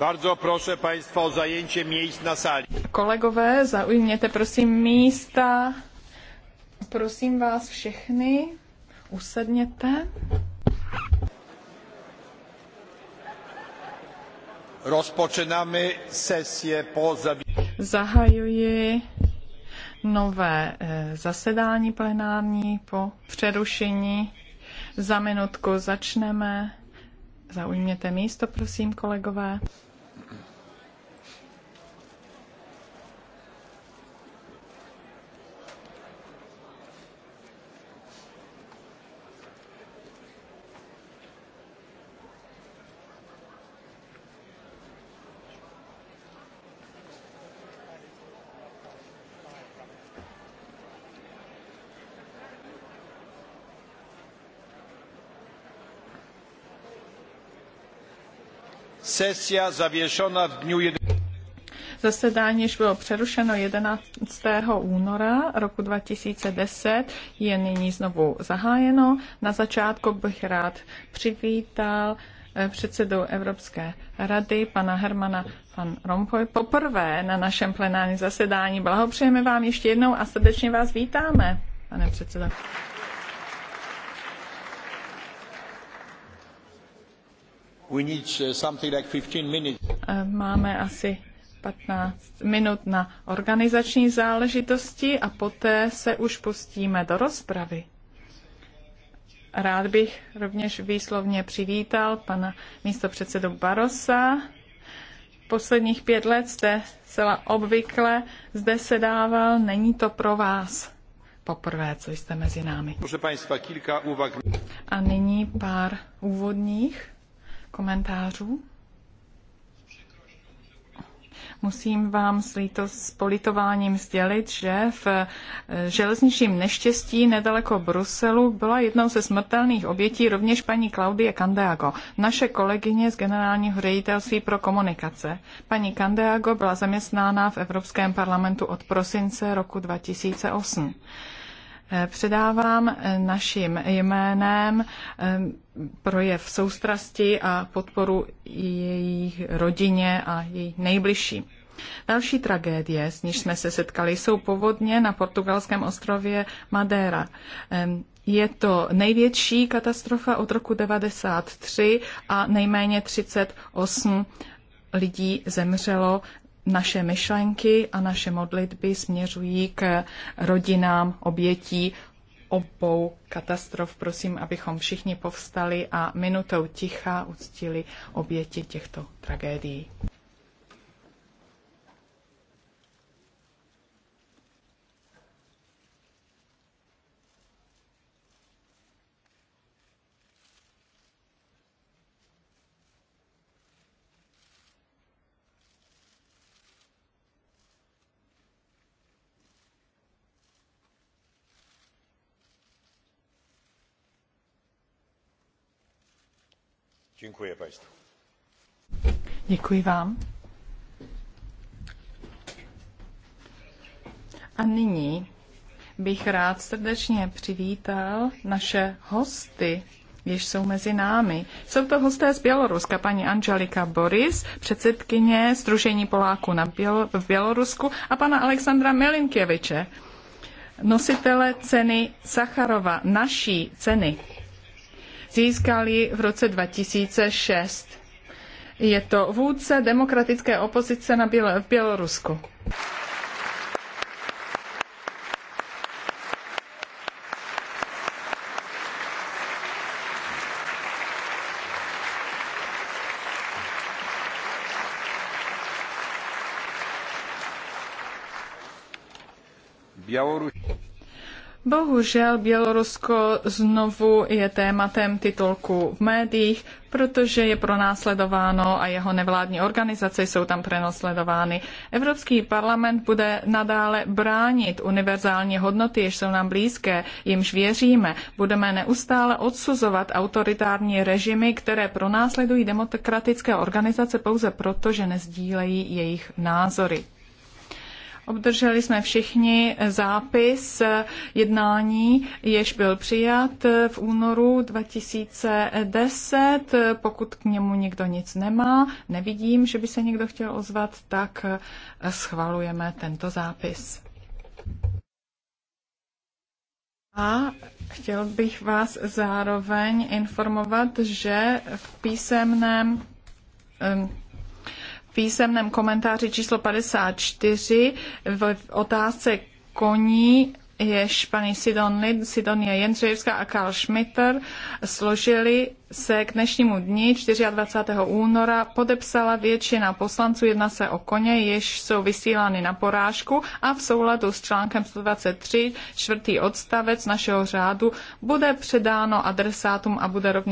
Bardzo proszę Państwa o zajęcie miejsc na sali. Kolegové, zaujměte prosím místa. Prosím vás všechny, usedněte. Rozpočínáme sesi po Zahajuji nové eh, zasedání plenární po přerušení. Za minutku začneme. Zaujměte místo, prosím, kolegové. Sesia zavěšena v dňu Zasedání již bylo přerušeno 11. února roku 2010, je nyní znovu zahájeno. Na začátku bych rád přivítal eh, předsedu Evropské rady, pana Hermana van Rompuy. Poprvé na našem plenárním zasedání blahopřejeme vám ještě jednou a srdečně vás vítáme, pane předsedo. Uh, eh, máme asi 15 minut na organizační záležitosti a poté se už pustíme do rozpravy. Rád bych rovněž výslovně přivítal pana místopředsedu Barosa. Posledních pět let jste zcela obvykle zde sedával, není to pro vás poprvé, co jste mezi námi. A nyní pár úvodních komentářů. Musím vám s, líto, s politováním sdělit, že v eh, železničním neštěstí nedaleko Bruselu byla jednou ze smrtelných obětí rovněž paní Klaudie Candeago, naše kolegyně z Generálního ředitelství pro komunikace. Paní Candeago byla zaměstnána v Evropském parlamentu od prosince roku 2008. Eh, předávám eh, naším jménem eh, projev soustrasti a podporu jejich rodině a její nejbližší. Další tragédie, s níž jsme se setkali, jsou povodně na portugalském ostrově Madeira. Je to největší katastrofa od roku 1993 a nejméně 38 lidí zemřelo naše myšlenky a naše modlitby směřují k rodinám obětí obou katastrof. Prosím, abychom všichni povstali a minutou ticha uctili oběti těchto tragédií. Děkuji Państwu. vám. A nyní bych rád srdečně přivítal naše hosty, jež jsou mezi námi. Jsou to hosté z Běloruska, paní Angelika Boris, předsedkyně Združení Poláků na Bělo- v Bělorusku a pana Alexandra Milinkěviče, nositele ceny Sacharova, naší ceny získali v roce 2006. Je to vůdce demokratické opozice na Běl- v Bělorusku. Bohužel Bělorusko znovu je tématem titulku v médiích, protože je pronásledováno a jeho nevládní organizace jsou tam prenosledovány. Evropský parlament bude nadále bránit univerzální hodnoty, jež jsou nám blízké, jimž věříme. Budeme neustále odsuzovat autoritární režimy, které pronásledují demokratické organizace pouze proto, že nezdílejí jejich názory. Obdrželi jsme všichni zápis jednání, jež byl přijat v únoru 2010. Pokud k němu nikdo nic nemá, nevidím, že by se někdo chtěl ozvat, tak schvalujeme tento zápis. A chtěl bych vás zároveň informovat, že v písemném písemném komentáři číslo 54 v otázce koní jež paní Sidony, Sidonia Jendřejevská a Karl Schmitter složili se k dnešnímu dni 24. února podepsala většina poslanců. Jedná se o koně, jež jsou vysílány na porážku a v souladu s článkem 123 čtvrtý odstavec našeho řádu bude předáno adresátům a bude rovněž